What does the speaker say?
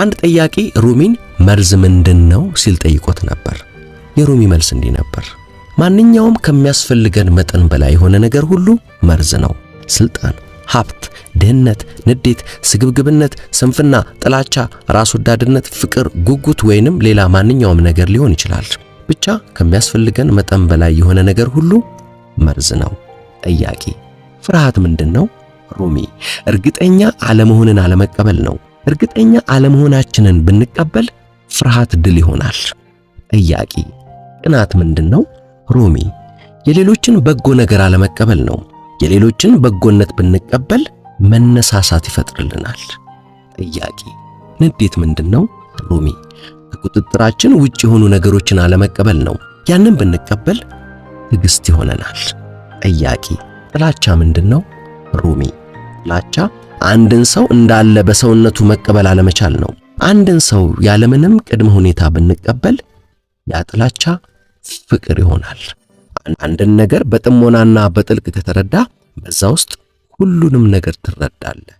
አንድ ጠያቂ ሩሚን መርዝ ምንድን ነው ሲል ጠይቆት ነበር። የሩሚ መልስ እንዲህ ነበር፣ ማንኛውም ከሚያስፈልገን መጠን በላይ የሆነ ነገር ሁሉ መርዝ ነው። ስልጣን፣ ሀብት፣ ድህነት፣ ንዴት፣ ስግብግብነት፣ ስንፍና፣ ጥላቻ፣ ራስ ወዳድነት፣ ፍቅር፣ ጉጉት ወይንም ሌላ ማንኛውም ነገር ሊሆን ይችላል። ብቻ ከሚያስፈልገን መጠን በላይ የሆነ ነገር ሁሉ መርዝ ነው። ጠያቂ፣ ፍርሃት ምንድን ነው? ሩሚ፣ እርግጠኛ አለመሆንን አለመቀበል ነው። እርግጠኛ አለመሆናችንን ብንቀበል ፍርሃት ድል ይሆናል። ጥያቄ ቅናት ምንድን ነው? ሮሚ የሌሎችን በጎ ነገር አለመቀበል ነው። የሌሎችን በጎነት ብንቀበል መነሳሳት ይፈጥርልናል። ጥያቄ ንዴት ምንድን ነው? ሮሚ ከቁጥጥራችን ውጭ የሆኑ ነገሮችን አለመቀበል ነው። ያንን ብንቀበል ትዕግስት ይሆነናል። ጥያቄ ጥላቻ ምንድን ነው? ሮሚ ጥላቻ አንድን ሰው እንዳለ በሰውነቱ መቀበል አለመቻል ነው። አንድን ሰው ያለምንም ቅድመ ሁኔታ ብንቀበል ያጥላቻ ፍቅር ይሆናል። አንድን ነገር በጥሞናና በጥልቅ ከተረዳ በዛ ውስጥ ሁሉንም ነገር ትረዳለህ።